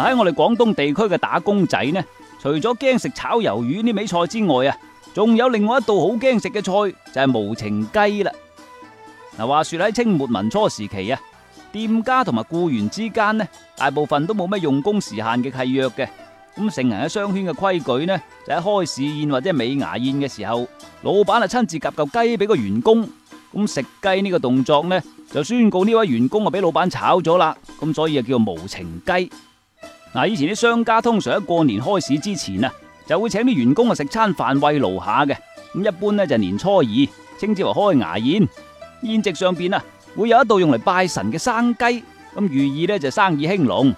喺我哋廣東地區嘅打工仔呢，除咗驚食炒魷魚呢味菜之外啊，仲有另外一道好驚食嘅菜就係無情雞啦。嗱，話說喺清末民初時期啊，店家同埋僱員之間呢，大部分都冇咩用工時限嘅契約嘅。咁盛行喺商圈嘅規矩呢，就喺開市宴或者尾牙宴嘅時候，老闆啊親自夾嚿雞俾個員工，咁食雞呢個動作呢，就宣告呢位員工啊俾老闆炒咗啦。咁所以啊，叫做無情雞。嗱，以前啲商家通常喺過年開始之前啊，就會請啲員工啊食餐飯慰勞下嘅。咁一般呢，就年初二，稱之為開牙宴。宴席上邊啊會有一道用嚟拜神嘅生雞，咁寓意呢就生意興隆。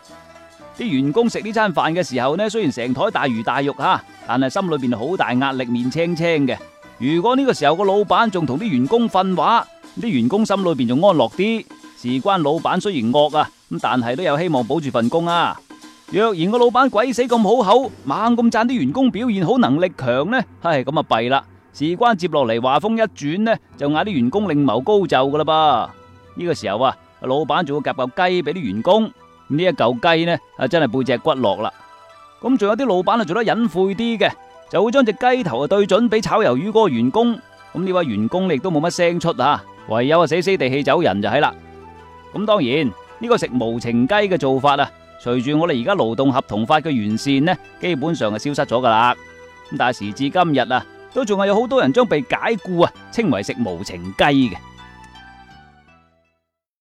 啲員工食呢餐飯嘅時候呢，雖然成台大魚大肉哈，但係心裏邊好大壓力，面青青嘅。如果呢個時候個老闆仲同啲員工訓話，啲員工心裏邊仲安樂啲。事關老闆雖然惡啊，咁但係都有希望保住份工啊。若然個老闆鬼死咁好口，猛咁讚啲員工表現好、能力強呢？唉，咁啊弊啦！事關接落嚟，話鋒一轉呢，就嗌啲員工另謀高就噶啦噃。呢個時候啊，老闆仲會夾嚿雞俾啲員工，呢一嚿雞呢啊真係背脊骨落啦。咁仲有啲老闆啊做得隱晦啲嘅，就會將隻雞頭啊對準俾炒魷魚嗰個員工，咁呢位員工亦都冇乜聲出啊，唯有啊死死地氣走人就係啦。咁當然呢個食無情雞嘅做法啊。隨住我哋而家勞動合同法嘅完善咧，基本上係消失咗噶啦。咁但係時至今日啊，都仲係有好多人將被解雇啊，稱為食無情雞嘅。